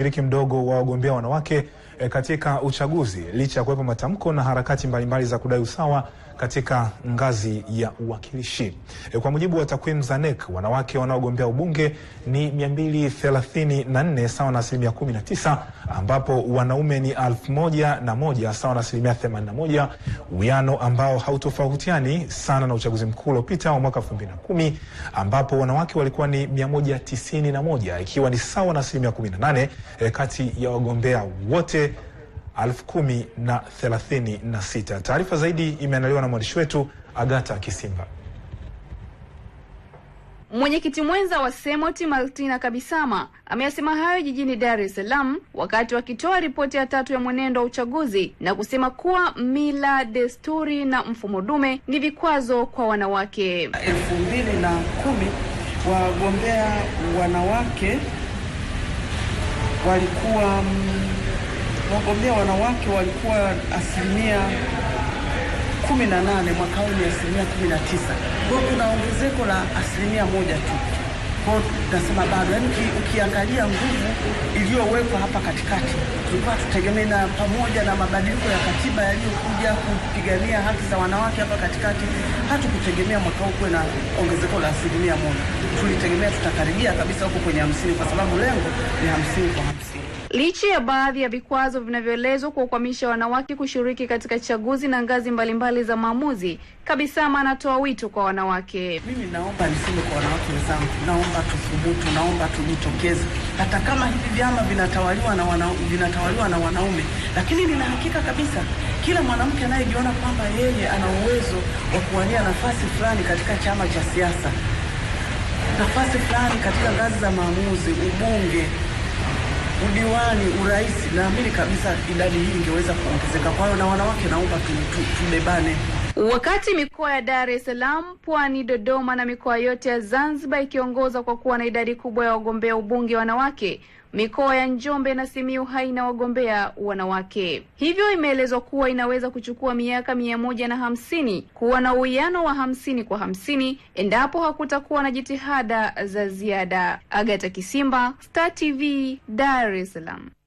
Ushiriki mdogo wa wagombea wanawake e, katika uchaguzi licha ya kuwepo matamko na harakati mbalimbali za kudai usawa katika ngazi ya uwakilishi. E, kwa mujibu wa takwimu za NEC, wanawake wanaogombea ubunge ni 234 sawa na asilimia 19, ambapo wanaume ni 1001 sawa na asilimia 81, wiano ambao hautofautiani sana na uchaguzi mkuu uliopita wa mwaka 2010 ambapo wanawake walikuwa ni 191 ikiwa ni sawa na asilimia 18 e, kati ya wagombea wote elfu kumi na thelathini na sita. Taarifa zaidi imeandaliwa na mwandishi wetu Agata Kisimba. Mwenyekiti mwenza wa Semoti Martina Kabisama ameyasema hayo jijini Dar es Salaam wakati wakitoa ripoti ya tatu ya mwenendo wa uchaguzi na kusema kuwa mila, desturi na mfumo dume ni vikwazo kwa wanawake. elfu mbili na kumi wagombea wanawake walikuwa mm, wagombea wanawake walikuwa asilimia kumi na nane mwaka huu ni asilimia kumi na tisa kwao kuna ongezeko la asilimia moja tu kwao tunasema bado yaani ukiangalia nguvu iliyowekwa hapa katikati tulikuwa tutegemee na pamoja na mabadiliko ya katiba yaliyokuja kupigania haki za wanawake hapa katikati, hatukutegemea mwaka huu kuwe na ongezeko la asilimia moja. Tulitegemea tutakaribia kabisa huko kwenye hamsini, kwa sababu lengo ni hamsini kwa hamsini. Licha ya baadhi ya vikwazo vinavyoelezwa kuwakwamisha wanawake kushiriki katika chaguzi na ngazi mbalimbali mbali za maamuzi, Kabisama anatoa wito kwa wanawake. Mimi naomba niseme kwa wanawake wenzangu, naomba tuthubutu, naomba tujitokeze, hata kama hivi vyama vinatawaliwa na, wana, vinatawaliwa na wanaume, lakini nina hakika kabisa kila mwanamke anayejiona kwamba yeye ana uwezo wa kuwania nafasi fulani katika chama cha siasa, nafasi fulani katika ngazi za maamuzi, ubunge udiwani, urais, naamini kabisa idadi hii ingeweza kuongezeka. Kwa hiyo na wanawake, naomba tubebane tu, tu Wakati mikoa ya Dar es Salaam, Pwani, Dodoma na mikoa yote ya Zanzibar ikiongoza kwa kuwa na idadi kubwa ya wagombea ubunge wanawake, mikoa ya Njombe na Simiu haina wagombea wanawake. Hivyo imeelezwa kuwa inaweza kuchukua miaka mia moja na hamsini kuwa na uwiano wa hamsini kwa hamsini endapo hakutakuwa na jitihada za ziada. Agata Kisimba, Star TV, Dar es Salaam.